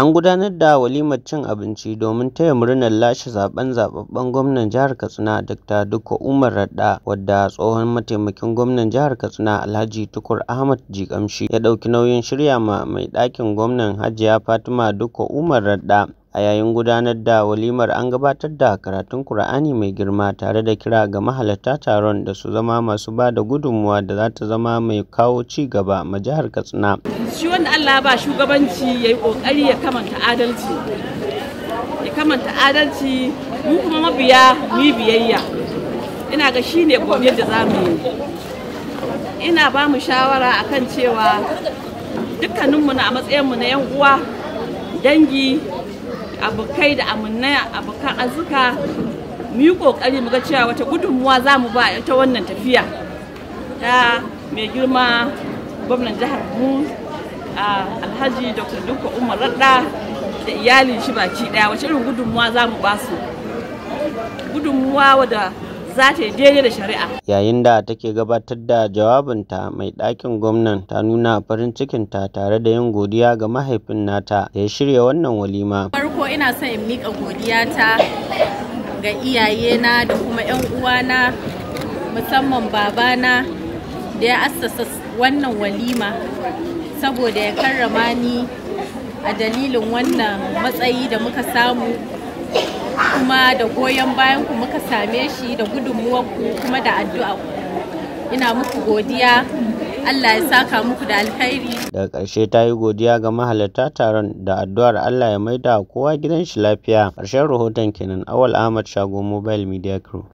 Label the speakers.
Speaker 1: An gudanar da walimar cin abinci domin taya murnar lashe zaɓen zaɓaɓɓen gwamnan jihar Katsina Dr. duka Umar Radda, wadda tsohon mataimakin gwamnan jihar Katsina Alhaji Tukur Ahmad Jikamshi, ya ɗauki nauyin shirya ma mai ɗakin gwamnan Hajiya Fatima duka Umar Radda. A yayin gudanar da walimar an gabatar da karatun Kur'ani Mai Girma tare da kira ga mahalarta taron da su zama masu ba da gudunmawa da za ta zama mai kawo ci gaba ma jihar Katsina.
Speaker 2: Shi wanda Allah ba shugabanci ya yi ƙoƙari ya kamanta adalci. Ya kamanta adalci mu kuma mabiya mu biyayya. Ina ga shi ne gobe da za mu yi. Ina ba mu shawara akan cewa dukkaninmu na a matsayinmu na 'yan uwa dangi abokai da amannai abokan azuka mu yi kokari mu ga cewa wata gudunmuwa za mu ba ta wannan tafiya ta mai girma gwamnan jihar mu alhaji dr dukka umar radda da iyalin shi baki daya wace irin gudunmuwa za mu ba su gudunmuwa wadda za ta yi daidai da shari'a.
Speaker 1: Yayin da take gabatar da jawabinta mai ɗakin gwamnan ta nuna farin cikinta tare da yin godiya ga mahaifin nata da ya shirya wannan walima.
Speaker 3: ina son in miƙa godiyata ga iyayena da kuma 'yan uwana musamman babana da ya assasa wannan walima saboda ya karrama ni a dalilin wannan matsayi da muka samu kuma da goyon bayanku muka same shi da ku kuma da addu'a ina muku godiya Allah ya saka muku da alkhairi.
Speaker 1: Daga ƙarshe ta yi godiya ga mahalarta taron da addu'ar Allah ya maida kowa gidan shi lafiya. Ƙarshen rahoton kenan Awal Ahmad Shago Mobile Media Crew.